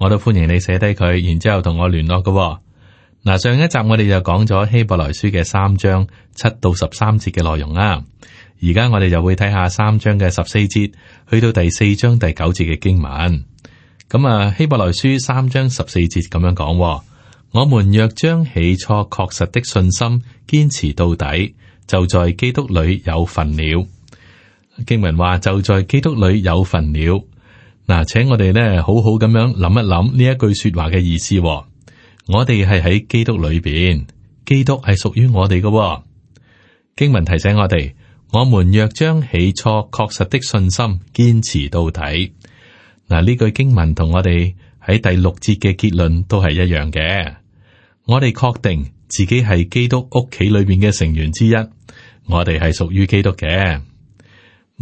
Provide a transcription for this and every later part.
我都歡迎你寫低佢，然之後同我聯絡嘅。嗱，上一集我哋就講咗希伯來書嘅三章七到十三節嘅內容啦、啊。而家我哋就會睇下三章嘅十四節，去到第四章第九節嘅經文。咁、嗯、啊，希伯來書三章十四節咁樣講、哦，我們若將起初確實的信心堅持到底，就在基督裏有份了。經文話：就在基督裏有份了。嗱，請我哋呢好好咁樣諗一諗呢一句說話嘅意思喎。我哋係喺基督裏邊，基督係屬於我哋嘅喎。經文提醒我哋，我們若將起初確實的信心堅持到底。嗱，呢句經文同我哋喺第六節嘅結論都係一樣嘅。我哋確定自己係基督屋企裏邊嘅成員之一，我哋係屬於基督嘅。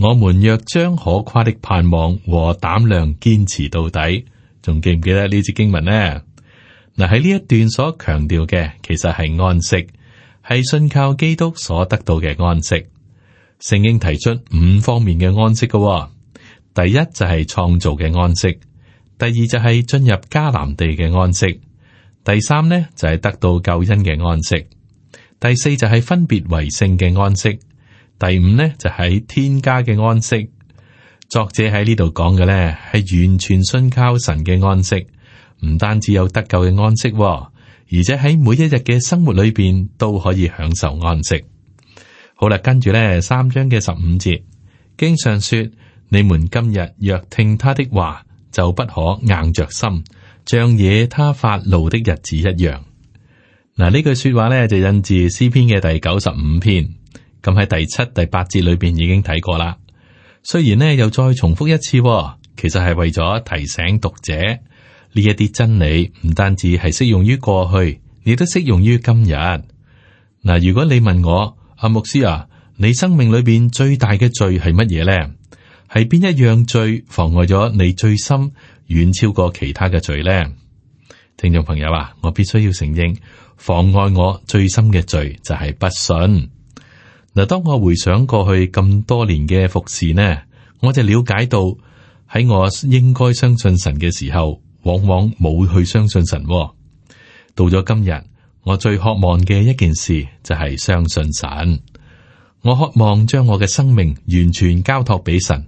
我們若將可誇的盼望和膽量堅持到底，仲記唔記得呢節經文呢？嗱，喺呢一段所強調嘅，其實係安息，係信靠基督所得到嘅安息。聖經提出五方面嘅安息㗎喎，第一就係創造嘅安息，第二就係進入迦南地嘅安息，第三呢就係、是、得到救恩嘅安息，第四就係分別為聖嘅安息。第五呢，就係天家嘅安息，作者喺呢度講嘅呢，係完全信靠神嘅安息，唔單止有得救嘅安息、哦，而且喺每一日嘅生活裏邊都可以享受安息。好啦，跟住呢三章嘅十五節，經上說：你們今日若聽他的話，就不可硬着心，像惹他發怒的日子一樣。嗱，呢句說話呢，就引自詩篇嘅第九十五篇。咁喺、嗯、第七、第八節裏邊已經睇過啦。雖然呢又再重複一次、哦，其實係為咗提醒讀者呢一啲真理，唔單止係適用於過去，亦都適用於今日。嗱、啊，如果你問我阿牧師啊，你生命裏邊最大嘅罪係乜嘢呢？係邊一樣罪妨礙咗你最深，遠超過其他嘅罪呢？聽眾朋友啊，我必須要承認，妨礙我最深嘅罪就係不信。嗱，當我回想過去咁多年嘅服侍呢，我就了解到喺我應該相信神嘅時候，往往冇去相信神哦。到咗今日，我最渴望嘅一件事就係相信神。我渴望將我嘅生命完全交託俾神，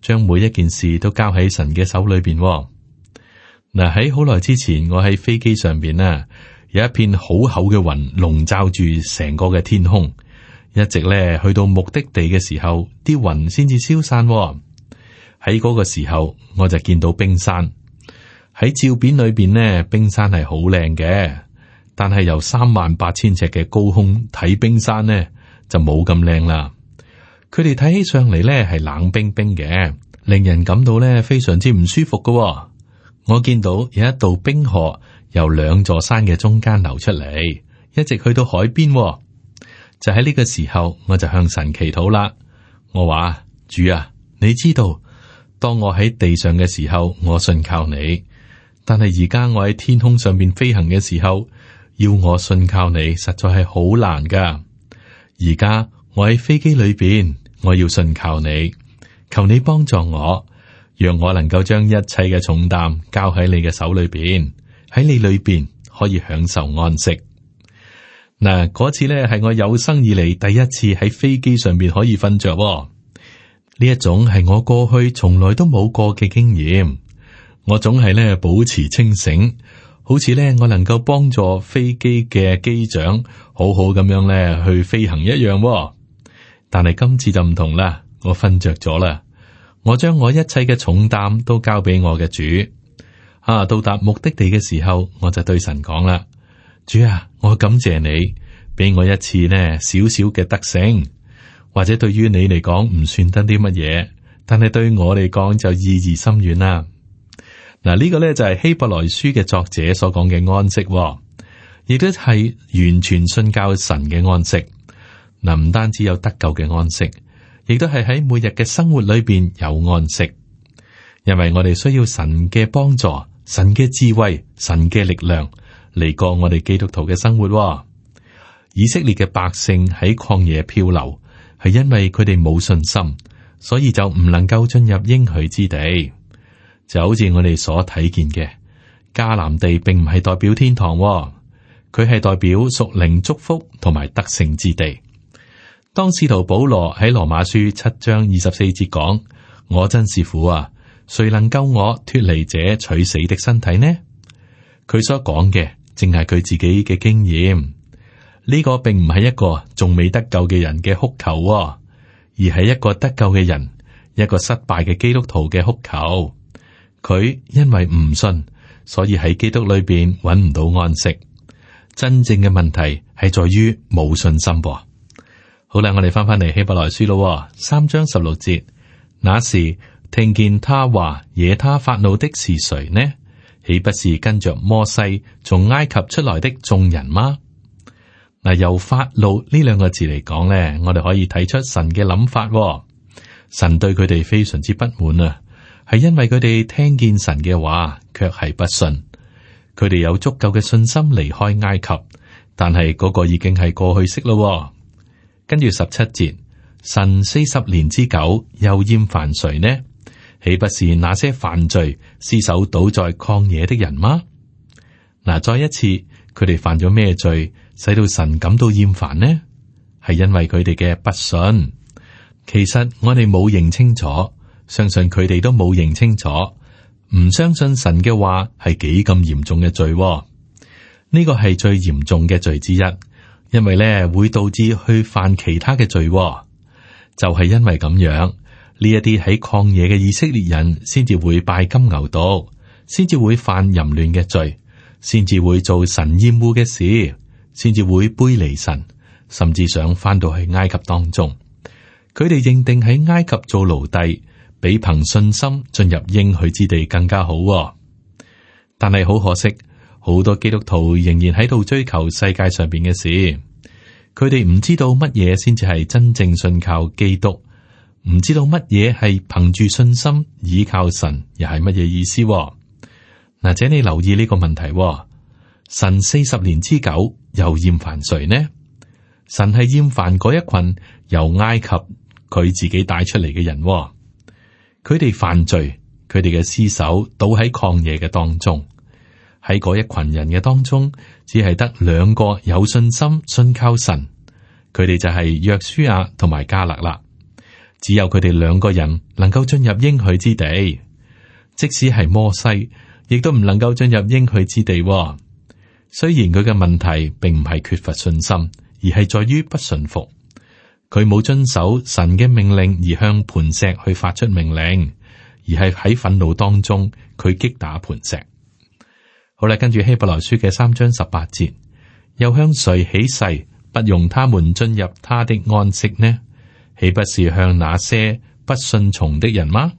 將每一件事都交喺神嘅手裏邊哦。嗱，喺好耐之前，我喺飛機上邊呢，有一片好厚嘅雲籠罩住成個嘅天空。一直咧，去到目的地嘅時候，啲雲先至消散喎、哦。喺嗰個時候，我就見到冰山。喺照片裏邊呢，冰山係好靚嘅。但係由三萬八千尺嘅高空睇冰山呢，就冇咁靚啦。佢哋睇起上嚟呢，係冷冰冰嘅，令人感到呢非常之唔舒服嘅、哦。我見到有一道冰河由兩座山嘅中間流出嚟，一直去到海邊、哦。就喺呢個時候，我就向神祈禱啦。我話，主啊，你知道當我喺地上嘅時候，我信靠你；但係而家我喺天空上面飛行嘅時候，要我信靠你，實在係好難㗎。而家我喺飛機裏邊，我要信靠你，求你幫助我，讓我能夠將一切嘅重擔交喺你嘅手裏邊，喺你裏邊可以享受安息。嗱，嗰次呢係我有生以嚟，第一次喺飛機上面可以瞓着，哦，呢一種係我過去從來都冇過嘅經驗。我總係呢保持清醒，好似呢我能夠幫助飛機嘅機長好好咁樣呢去飛行一樣哦。但係今次就唔同啦，我瞓着咗啦。我將我一切嘅重擔都交俾我嘅主。啊，到達目的地嘅時候，我就對神講啦。主啊，我感謝你俾我一次呢少少嘅得勝，或者對於你嚟講唔算得啲乜嘢，但係對我嚟講就意義深遠啦。嗱、啊這個、呢個咧就係、是、希伯來書嘅作者所講嘅安息、哦，亦都係完全信靠神嘅安息。嗱、啊、唔單止有得救嘅安息，亦都係喺每日嘅生活裏邊有安息，因為我哋需要神嘅幫助、神嘅智慧、神嘅力量。嚟過我哋基督徒嘅生活、哦，以色列嘅百姓喺曠野漂流，係因為佢哋冇信心，所以就唔能夠進入應許之地。就好似我哋所睇見嘅迦南地，並唔係代表天堂、哦，佢係代表屬靈祝福同埋得勝之地。當使徒保羅喺羅馬書七章二十四節講：我真是苦啊！誰能救我脫離這取死的身體呢？佢所講嘅。淨係佢自己嘅經驗，呢、這個並唔係一個仲未得救嘅人嘅哭求、哦，而係一個得救嘅人，一個失敗嘅基督徒嘅哭求。佢因為唔信，所以喺基督裏邊揾唔到安息。真正嘅問題係在於冇信心噃、哦。好啦，我哋翻返嚟希伯來書咯，三章十六節，那時聽見他話惹他發怒的是誰呢？豈不是跟着摩西從埃及出來的眾人嗎？嗱，由法老呢兩個字嚟講咧，我哋可以睇出神嘅諗法。神對佢哋非常之不滿啊，係因為佢哋聽見神嘅話，卻係不信。佢哋有足夠嘅信心離開埃及，但係嗰個已經係過去式咯。跟住十七節，神四十年之久又厭煩誰呢？豈不是那些犯罪、屍首倒在曠野的人嗎？嗱，再一次，佢哋犯咗咩罪，使到神感到厭煩呢？係因為佢哋嘅不信。其實我哋冇認清楚，相信佢哋都冇認清楚，唔相信神嘅話係幾咁嚴重嘅罪喎。呢個係最嚴重嘅罪之一，因為咧會導致去犯其他嘅罪喎。就係因為咁樣。呢一啲喺曠野嘅以色列人，先至會拜金牛犢，先至會犯淫亂嘅罪，先至會做神厭惡嘅事，先至會背離神，甚至想翻到去埃及當中。佢哋認定喺埃及做奴隸比憑信心進入應許之地更加好。但係好可惜，好多基督徒仍然喺度追求世界上邊嘅事。佢哋唔知道乜嘢先至係真正信靠基督。唔知道乜嘢係憑住信心倚靠神，又係乜嘢意思？嗱，請你留意呢個問題。神四十年之久又厭煩誰呢？神係厭煩嗰一群由埃及佢自己帶出嚟嘅人。佢哋犯罪，佢哋嘅屍首倒喺曠野嘅當中。喺嗰一群人嘅當中，只係得兩個有信心信靠神，佢哋就係約書亞同埋迦勒啦。只有佢哋兩個人能夠進入應許之地，即使係摩西，亦都唔能夠進入應許之地，哦。雖然佢嘅問題並唔係缺乏信心，而係在於不順服，佢冇遵守神嘅命令而向磐石去發出命令，而係喺憤怒當中佢擊打磐石。好啦，跟住希伯來書嘅三章十八節，又向誰起誓，不容他們進入他的安息呢？豈不是向那些不信從的人嗎？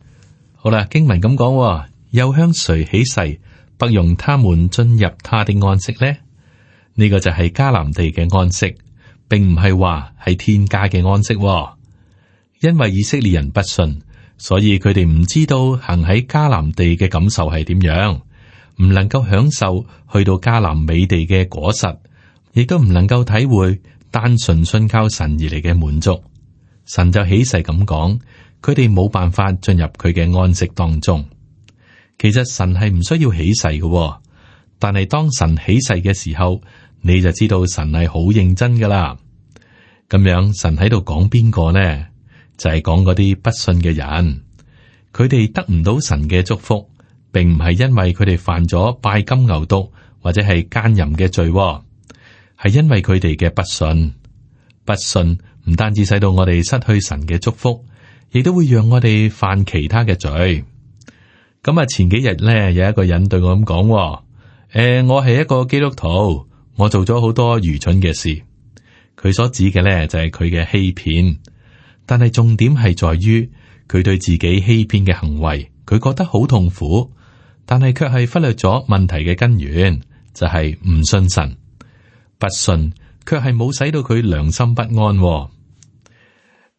好啦，經文咁講，又向誰起誓，不容他們進入他的安息呢？呢個就係迦南地嘅安息，並唔係話係天家嘅安息。因為以色列人不信，所以佢哋唔知道行喺迦南地嘅感受係點樣，唔能夠享受去到迦南美地嘅果實，亦都唔能夠體會單純信靠神而嚟嘅滿足。神就起誓咁講，佢哋冇辦法進入佢嘅安息當中。其實神係唔需要起誓嘅，哦，但係當神起誓嘅時候，你就知道神係好認真噶啦。咁樣神喺度講邊個呢？就係講嗰啲不信嘅人，佢哋得唔到神嘅祝福，並唔係因為佢哋犯咗拜金牛犢或者係奸淫嘅罪，哦，係因為佢哋嘅不信，不信。唔單止使到我哋失去神嘅祝福，亦都會讓我哋犯其他嘅罪。咁啊，前幾日咧，有一個人對我咁講：誒、嗯，我係一個基督徒，我做咗好多愚蠢嘅事。佢所指嘅咧就係佢嘅欺騙，但係重點係在於佢對自己欺騙嘅行為，佢覺得好痛苦，但係卻係忽略咗問題嘅根源，就係、是、唔信神，不信，卻係冇使到佢良心不安。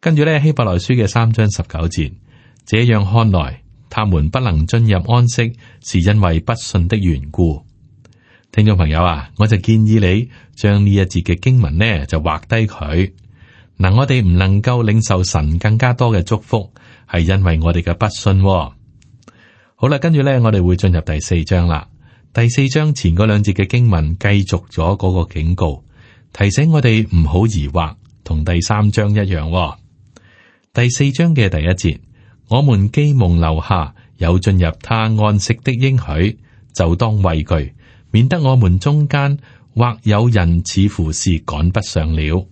跟住呢，希伯來書嘅三章十九節，這樣看來，他們不能進入安息，是因為不信的緣故。聽眾朋友啊，我就建議你將呢一節嘅經文呢就畫低佢。嗱，我哋唔能夠領受神更加多嘅祝福，係因為我哋嘅不信喎。好啦，跟住呢，我哋會進入第四章啦。第四章前嗰兩節嘅經文，繼續咗嗰個警告，提醒我哋唔好疑惑，同第三章一樣喎。第四章嘅第一節，我們既蒙留下有進入他安息的應許，就當畏懼，免得我們中間或有人似乎是趕不上了。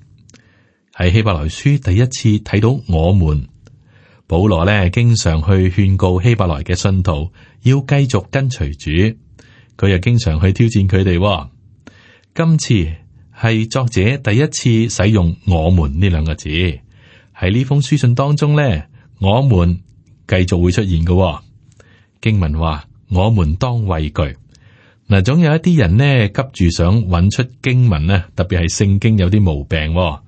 喺希伯來書第一次睇到我們，保羅呢經常去勸告希伯來嘅信徒要繼續跟隨主，佢又經常去挑戰佢哋、哦。今次係作者第一次使用我們呢兩個字。喺呢封書信當中呢，我們繼續會出現嘅、哦、經文話，我們當畏懼。嗱，總有一啲人呢，急住想揾出經文咧，特別係聖經有啲毛病、哦，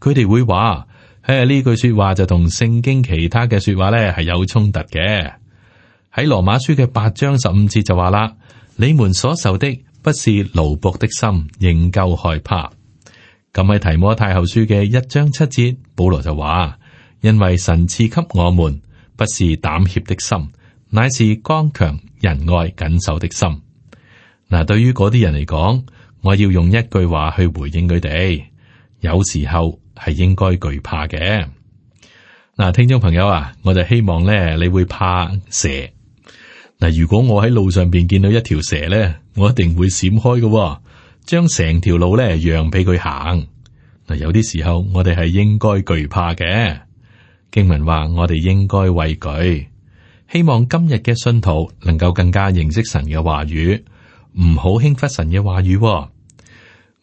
佢哋會話：，誒、哎、呢句說話就同聖經其他嘅說話呢係有衝突嘅。喺羅馬書嘅八章十五節就話啦，你們所受的不是奴僕的心，仍舊害怕。咁喺提摩太後書嘅一章七節，保羅就話：，因為神賜給我們不是膽怯的心，乃是剛強、仁愛、謹守的心。嗱、呃，對於嗰啲人嚟講，我要用一句話去回應佢哋：，有時候係應該懼怕嘅。嗱、呃，聽眾朋友啊，我就希望咧你會怕蛇。嗱、呃，如果我喺路上邊見到一條蛇咧，我一定會閃開噶、哦。將成條路咧讓俾佢行嗱，有啲時候我哋係應該懼怕嘅。經文話我哋應該畏懼，希望今日嘅信徒能夠更加認識神嘅話語，唔好輕忽神嘅話語。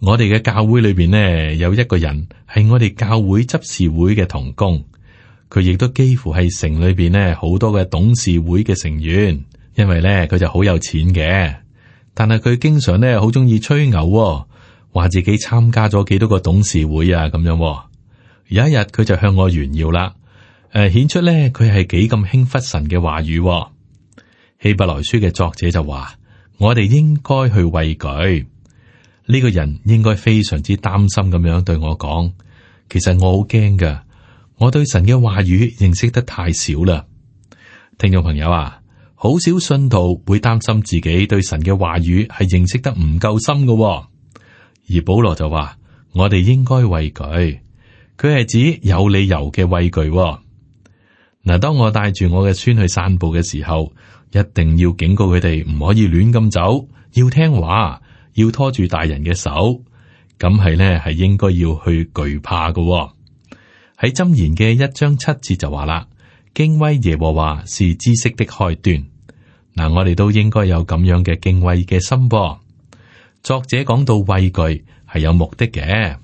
我哋嘅教會裏邊呢，有一個人係我哋教會執事會嘅同工，佢亦都幾乎係城裏邊呢好多嘅董事會嘅成員，因為咧佢就好有錢嘅。但係佢經常咧好中意吹牛，哦，話自己參加咗幾多個董事會啊，咁樣，哦。有一日佢就向我炫耀啦，誒，呃，顯出咧佢係幾咁輕忽神嘅話語，哦。希伯來書嘅作者就話：我哋應該去畏懼呢個人，應該非常之擔心咁樣對我講。其實我好驚噶，我對神嘅話語認識得太少啦。聽眾朋友啊！好少信徒會擔心自己對神嘅話語係認識得唔夠深嘅、哦，而保羅就話：我哋應該畏懼，佢係指有理由嘅畏懼、哦。嗱，當我帶住我嘅孫去散步嘅時候，一定要警告佢哋唔可以亂咁走，要聽話，要拖住大人嘅手，咁係咧係應該要去懼怕嘅、哦。喺《箴言》嘅一章七節就話啦：敬畏耶和華是知識的開端。嗱、啊，我哋都應該有咁樣嘅敬畏嘅心噃。作者講到畏懼係有目的嘅，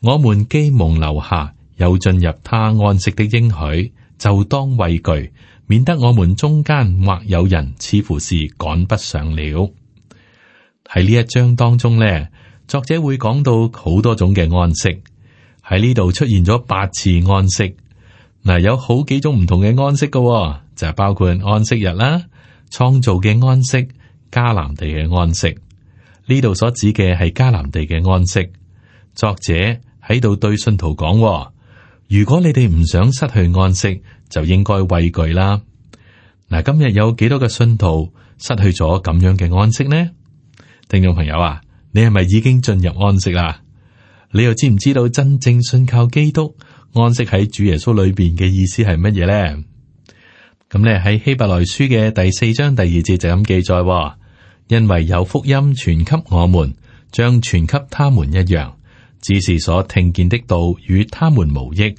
我們既蒙留下，有進入他安息的應許，就當畏懼，免得我們中間或有人似乎是趕不上了。喺呢一章當中呢，作者會講到好多種嘅安息，喺呢度出現咗八次安息，嗱、啊、有好幾種唔同嘅安息噶，就係包括安息日啦。創造嘅安息，迦南地嘅安息，呢度所指嘅係迦南地嘅安息。作者喺度對信徒講：如果你哋唔想失去安息，就應該畏懼啦。嗱，今日有幾多個信徒失去咗咁樣嘅安息呢？聽眾朋友啊，你係咪已經進入安息啦？你又知唔知道真正信靠基督安息喺主耶穌裏邊嘅意思係乜嘢咧？咁咧喺希伯來書嘅第四章第二節就咁記載：話因為有福音傳給我們，將傳給他們一樣，只是所聽見的道與他們無益，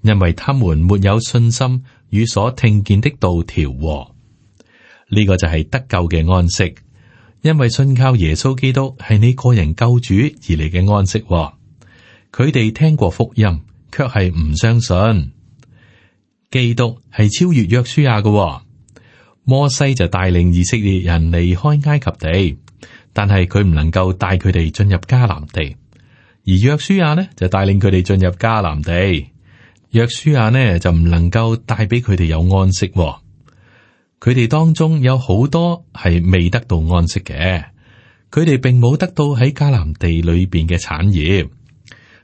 因為他們沒有信心與所聽見的道調和。呢個就係得救嘅安息，因為信靠耶穌基督係你個人救主而嚟嘅安息。佢哋聽過福音，卻係唔相信。基督係超越約書亞嘅、哦，摩西就帶領以色列人離開埃及地，但係佢唔能夠帶佢哋進入迦南地，而約書亞呢就帶領佢哋進入迦南地，約書亞呢就唔能夠帶俾佢哋有安息、哦，佢哋當中有好多係未得到安息嘅，佢哋並冇得到喺迦南地裏邊嘅產業、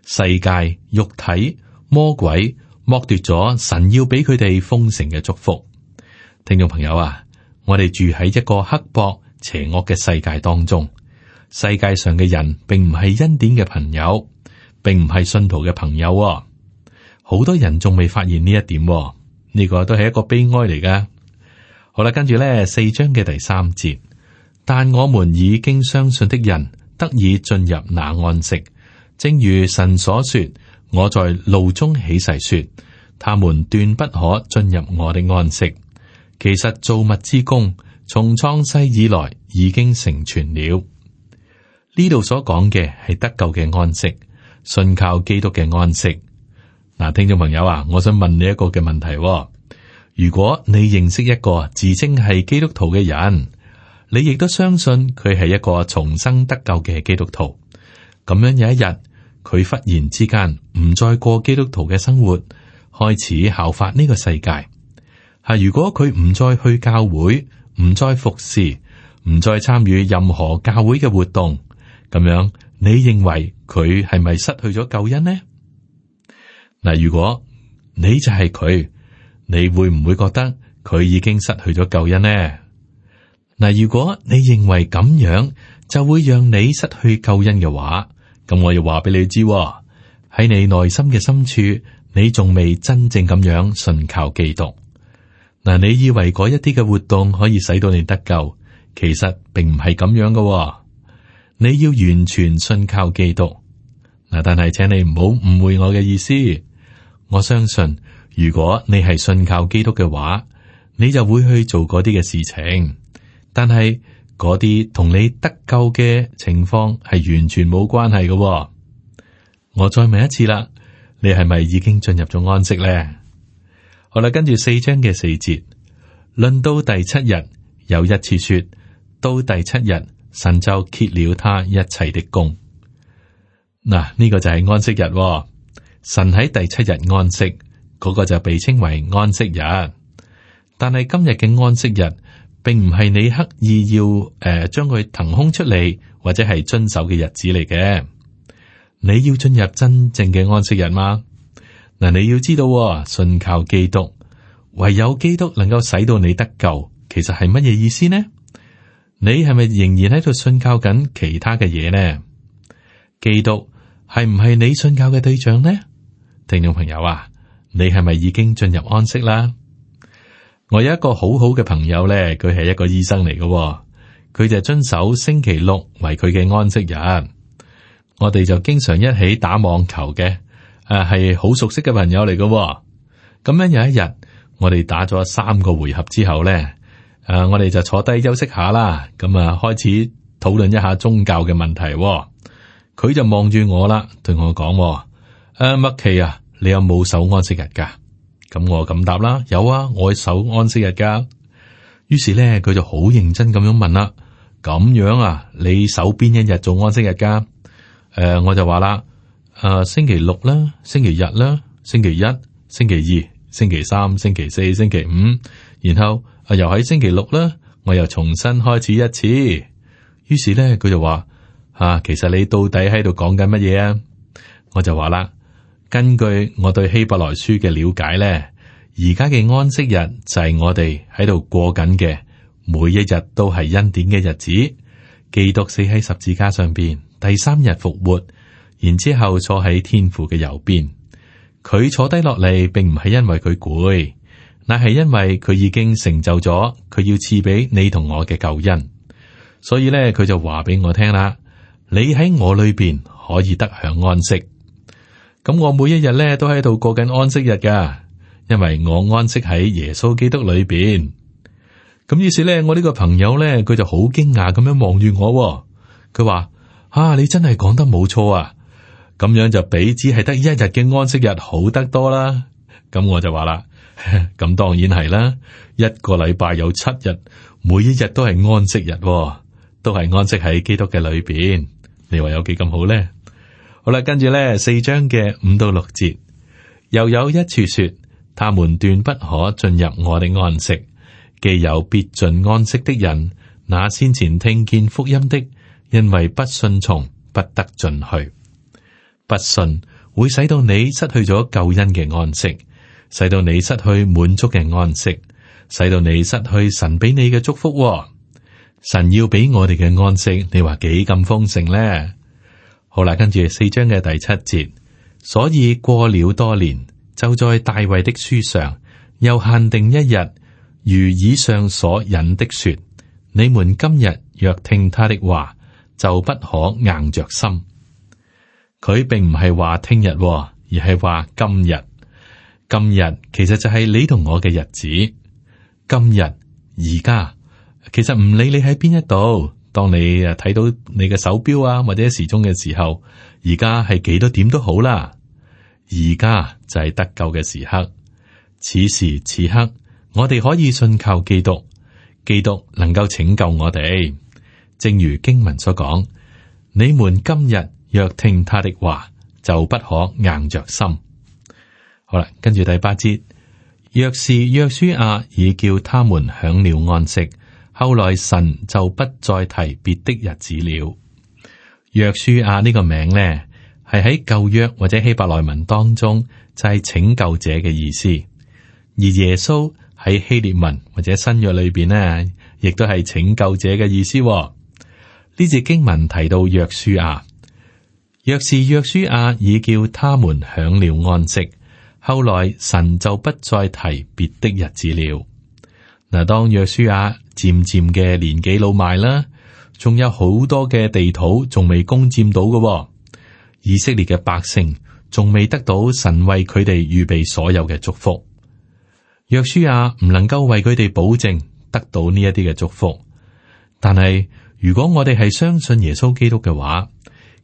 世界、肉體、魔鬼。剝奪咗神要俾佢哋豐盛嘅祝福，聽眾朋友啊，我哋住喺一個刻薄邪惡嘅世界當中，世界上嘅人並唔係恩典嘅朋友，並唔係信徒嘅朋友、哦，好多人仲未發現呢一點、哦，呢、這個都係一個悲哀嚟噶。好啦，跟住咧四章嘅第三節，但我們已經相信的人得以進入那安息，正如神所說。我在怒中起誓說，他們斷不可進入我的安息。其實造物之工從創世以來已經成全了。呢度所講嘅係得救嘅安息，信靠基督嘅安息。嗱，聽眾朋友啊，我想問你一個嘅問題：如果你認識一個自稱係基督徒嘅人，你亦都相信佢係一個重生得救嘅基督徒，咁樣有一日。佢忽然之間唔再過基督徒嘅生活，開始效法呢個世界。係如果佢唔再去教會，唔再服侍，唔再參與任何教會嘅活動，咁樣你認為佢係咪失去咗救恩呢？嗱，如果你就係佢，你會唔會覺得佢已經失去咗救恩呢？嗱，如果你認為咁樣就會讓你失去救恩嘅話，咁我要話俾你知喎，喺你內心嘅深處，你仲未真正咁樣信靠基督。嗱，你以為嗰一啲嘅活動可以使到你得救，其實並唔係咁樣噶。你要完全信靠基督。嗱，但係請你唔好誤會我嘅意思。我相信，如果你係信靠基督嘅話，你就會去做嗰啲嘅事情。但係。嗰啲同你得救嘅情況係完全冇關係嘅喎。我再問一次啦，你係咪已經進入咗安息咧？好啦，跟住四章嘅四節，論到第七日，有一次說，到第七日神就歇了他一切的工。嗱，啊，呢，呢個就係安息日喎，神喺第七日安息，嗰，嗰個就被稱為安息日。但係今日嘅安息日。並唔係你刻意要誒將佢騰空出嚟，或者係遵守嘅日子嚟嘅。你要進入真正嘅安息日嘛？嗱，你要知道喎，信靠基督，唯有基督能夠使到你得救。其實係乜嘢意思呢？你係咪仍然喺度信靠緊其他嘅嘢呢？基督係唔係你信靠嘅對象呢？聽眾朋友啊，你係咪已經進入安息啦？我有一個好好嘅朋友咧，佢係一個醫生嚟嘅、哦，佢就遵守星期六為佢嘅安息日。我哋就經常一起打網球嘅，誒係好熟悉嘅朋友嚟嘅、哦。咁樣有一日，我哋打咗三個回合之後咧，誒、啊、我哋就坐低休息下啦。咁啊開始討論一下宗教嘅問題。佢、啊、就望住我啦，對我講：誒，麥奇啊，你有冇守安息日噶？咁我咁答啦，有啊，我去守安息日噶。於是咧，佢就好認真咁樣問啦。咁樣啊，你守邊一日做安息日噶？誒、呃，我就話啦，誒、呃，星期六啦，星期日啦，星期一、星期二、星期三、星期四、星期五，然後啊、呃，又喺星期六啦，我又重新開始一次。於是咧，佢就話：吓、啊，其實你到底喺度講緊乜嘢啊？我就話啦。根據我對希伯來書嘅了解呢，而家嘅安息日就係我哋喺度過緊嘅每一日都係恩典嘅日子。基督死喺十字架上邊，第三日復活，然之後坐喺天父嘅右邊。佢坐低落嚟，並唔係因為佢攰，乃係因為佢已經成就咗佢要賜俾你同我嘅救恩。所以呢，佢就話俾我聽啦：你喺我裏邊可以得享安息。咁我每一日咧都喺度過緊安息日噶，因為我安息喺耶穌基督裏邊。咁於是咧，我呢個朋友咧，佢就好驚訝咁樣望住我，佢話：啊，你真係講得冇錯啊！咁樣就比只係得一日嘅安息日好得多啦。咁我就話啦，咁當然係啦，啊，一個禮拜有七日，每一日都係安息日，哦，都係安息喺基督嘅裏邊。你話有幾咁好咧？好啦，跟住咧，四章嘅五到六節，又有一處說，他們斷不可進入我的安息，既有必進安息的人，那先前聽見福音的，因為不信從，不得進去。不信會使到你失去咗救恩嘅安息，使到你失去滿足嘅安息，使到你失去神俾你嘅祝福、哦。神要俾我哋嘅安息，你話幾咁豐盛咧？好啦，跟住四章嘅第七節，所以過了多年，就在大衛的書上又限定一日，如以上所引的說，你們今日若聽他的話，就不可硬着心。佢並唔係話聽日、哦，而係話今日。今日其實就係你同我嘅日子。今日而家，其實唔理你喺邊一度。當你誒睇到你嘅手錶啊或者時鐘嘅時候，而家係幾多點都好啦，而家就係得救嘅時刻。此時此刻，我哋可以信靠基督，基督能夠拯救我哋。正如經文所講，你們今日若聽他的話，就不可硬着心。好啦，跟住第八節，若是約書亞、啊、已叫他們享了安息。後來神就不再提別的日子了。約書亞呢個名呢，係喺舊約或者希伯來文當中就係拯救者嘅意思。而耶穌喺希列文或者新約裏邊呢，亦都係拯救者嘅意思喎。呢節經文提到約書亞，若是約書亞已叫他們享了安息，後來神就不再提別的日子了。嗱，當約書亞。漸漸嘅年紀老邁啦，仲有好多嘅地土仲未攻佔到嘅，哦，以色列嘅百姓仲未得到神為佢哋預備所有嘅祝福。約書亞唔能夠為佢哋保證得到呢一啲嘅祝福，但係如果我哋係相信耶穌基督嘅話，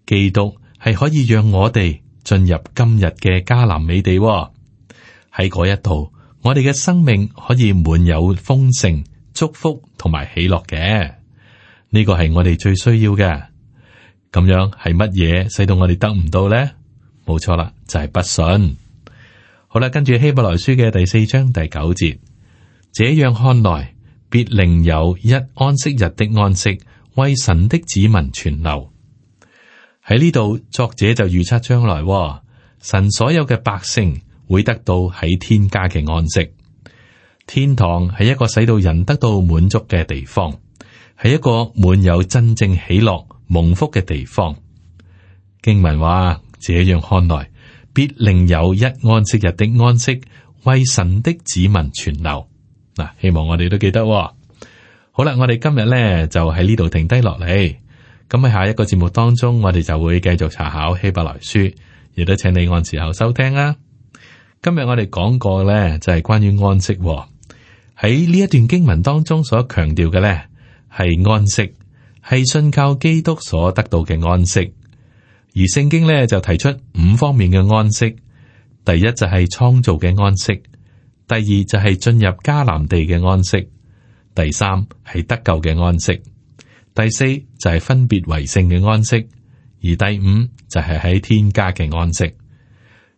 基督係可以讓我哋進入今日嘅迦南美地，哦，喺嗰一度我哋嘅生命可以滿有豐盛祝福。同埋喜樂嘅，呢、這個係我哋最需要嘅。咁樣係乜嘢使到我哋得唔到呢？冇錯啦，就係、是、不信。好啦，跟住希伯來書嘅第四章第九節，這樣看來，必另有一安息日的安息為神的子民存留。喺呢度，作者就預測將來，神所有嘅百姓會得到喺天家嘅安息。天堂係一個使到人得到滿足嘅地方，係一個滿有真正喜樂蒙福嘅地方。經文話，這樣看來，必另有一安息日的安息為神的子民存留。嗱、啊，希望我哋都記得、哦。好啦，我哋今日咧就喺呢度停低落嚟，咁喺下一個節目當中，我哋就會繼續查考希伯來書，亦都請你按時候收聽啊。今日我哋講過咧，就係關於安息、哦。喺呢一段經文當中所強調嘅咧，係安息，係信靠基督所得到嘅安息。而聖經咧就提出五方面嘅安息，第一就係創造嘅安息，第二就係進入迦南地嘅安息，第三係得救嘅安息，第四就係分別為聖嘅安息，而第五就係喺天家嘅安息。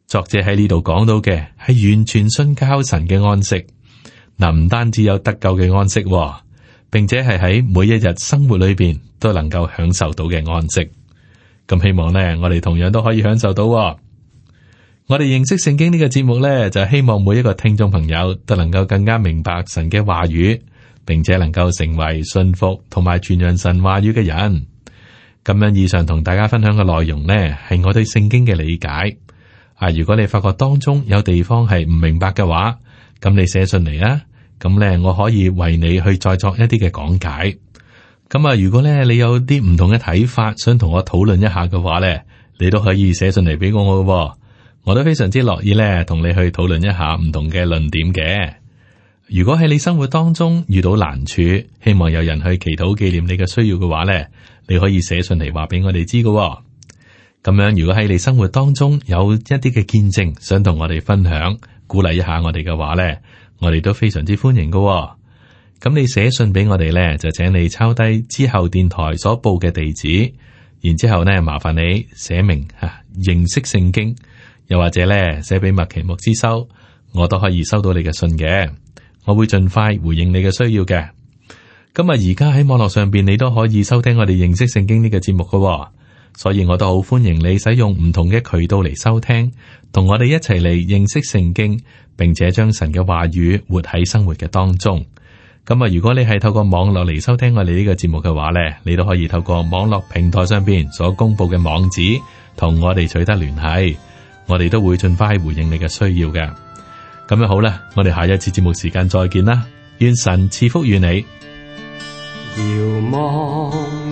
作者喺呢度講到嘅係完全信靠神嘅安息。嗱，唔、啊、單止有得救嘅安息，哦，並且係喺每一日生活裏邊都能夠享受到嘅安息。咁、嗯、希望呢，我哋同樣都可以享受到，哦。我哋認識聖經呢、呢個節目呢，就希望每一個聽眾朋友都能夠更加明白神嘅話語，並且能夠成為信服同埋傳揚神話語嘅人。咁樣，以上同大家分享嘅內容呢，係我對聖經嘅理解。啊，如果你發覺當中有地方係唔明白嘅話，咁你寫信嚟啊！咁咧，我可以為你去再作一啲嘅講解。咁啊，如果咧你有啲唔同嘅睇法，想同我討論一下嘅話咧，你都可以寫信嚟俾我嘅。我都非常之樂意咧，同你去討論一下唔同嘅論點嘅。如果喺你生活當中遇到難處，希望有人去祈禱紀念你嘅需要嘅話咧，你可以寫信嚟話俾我哋知嘅。咁樣，如果喺你生活當中有一啲嘅見證，想同我哋分享，鼓勵一下我哋嘅話咧。我哋都非常之歡迎嘅。哦，咁你寫信俾我哋呢，就請你抄低之後電台所報嘅地址，然之後呢麻煩你寫明吓，啊、認識聖經，又或者呢，寫俾麥其木之收，我都可以收到你嘅信嘅，我會盡快回應你嘅需要嘅。今日而家喺網絡上邊，你都可以收聽我哋認識聖經呢，這個節目嘅。哦，所以我都好歡迎你使用唔同嘅渠道嚟收聽，同我哋一齊嚟認識聖經。並且將神嘅話語活喺生活嘅當中。咁啊，如果你係透過網絡嚟收聽我哋呢個節目嘅話呢，你都可以透過網絡平台上邊所公布嘅網址同我哋取得聯繫，我哋都會盡快回，回應你嘅需要嘅。咁樣好啦，我哋下一次節目時間再見啦，願神賜福於你。遙望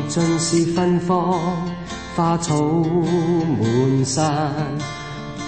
盡是芬芳，花草滿山。